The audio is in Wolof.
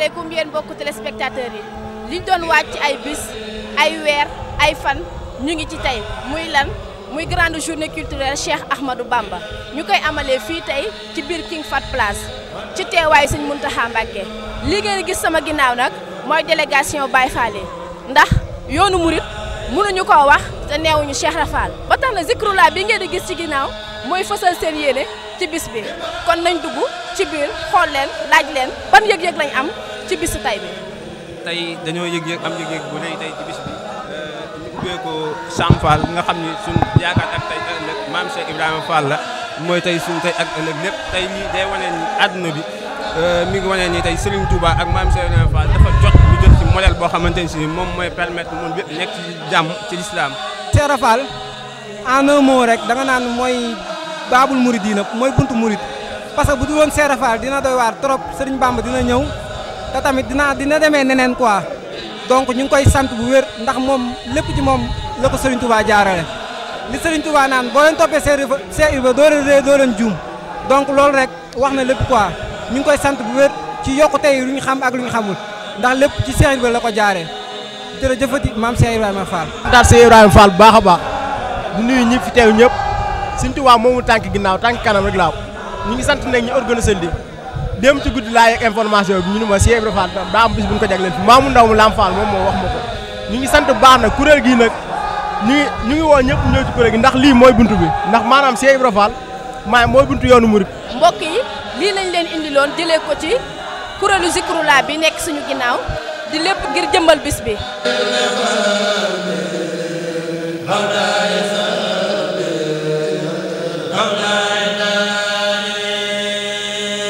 asalaamaaleykum yéen mbokku téléspectateurs yi liñ doon waaj ci ay bis ay weer ay fan ñu ngi ci tey muy lan muy grande journée culturelle Cheikh Ahmadou Bamba ñu koy amalee fii tey ci biir King Fahd Place ci teewaayu Sëñ Muntaxa Mbàkke li ngeen gis sama ginnaaw nag mooy délégation Baye Fall ndax yoonu murit mënuñu ko wax te neewuñu Cheikh Rafal ba tax na zikrullah bi ngeen di gis ci ginnaaw mooy fësal seen yéene ci bis bi kon nañ dugg ci biir xool leen laaj leen ban yëg-yëg lañ am ci bisu tay bi. tey dañoo yëg-yëg am yëg-yëg bu rëy ci bis bi euh, ñu ubbee ko Sam Fall nga xam ni suñ yaakaar ak tey ëllëg maam Cheikh Ibrahima Fall la mooy tey suñ tey ak ëllëg lépp tey ñi day wane ni àdduna bi euh, mi ngi wane ni tey Serigne Touba ak maam Cheikh Ibrahima Fall dafa jot lu jot ci modèle boo xamante ne si moom mooy permettre moom bépp nekk ci jàmm ci lislaam Cheikh Fall en rek da nga naan mooy baabul murid yi nag mooy buntu murid parce que bu dul woon Cheikh dina doy waar trop Serigne Bamba dina ñëw te tamit dinaa dina demee neneen quoi donc ñu ngi koy sant bu wér ndax moom lépp ci moom la ko Serigne Touba jaarale li Serigne Touba naan boo leen toppee Cheikh Ibrahima Cheikh Ibrahima doo leen ree doo leen juum donc loolu rek wax na lépp quoi ñu ngi koy sant bu wér ci yokkute yi lu ñu xam ak lu ñu xamul ndax lépp ci Cheikh Ibrahima la ko jaaree jërëjëfati maam Cheikh Ibrahima Fall. daal Cheikh Ibrahima baax a baax di nuyu ñi fi teew ñëpp Serigne Touba moomu tànk ginnaaw tànk kanam rek laaw ñu ngi sant nag ñu organiser dem ci guddi laa yegg information bi ñu ne ma Cheikh Ibra daa am bis bu ñu ko jagleel fi maamu ndaw mu Lam Fall moom moo wax mu ko ñu ngi sant baax nag kuréel gii nag ñu ngi ñu ngi woo ñëpp ñëw kuréel gi ndax lii mooy buntu bi ndax maanaam Cheikh Ibra Fall maay mooy bunt yoonu murit mbokk yi lii lañ leen indiloon jëlee ko ci kuréelu Zikrullah bi nekk suñu ginnaaw di lépp ngir jëmbal bis bi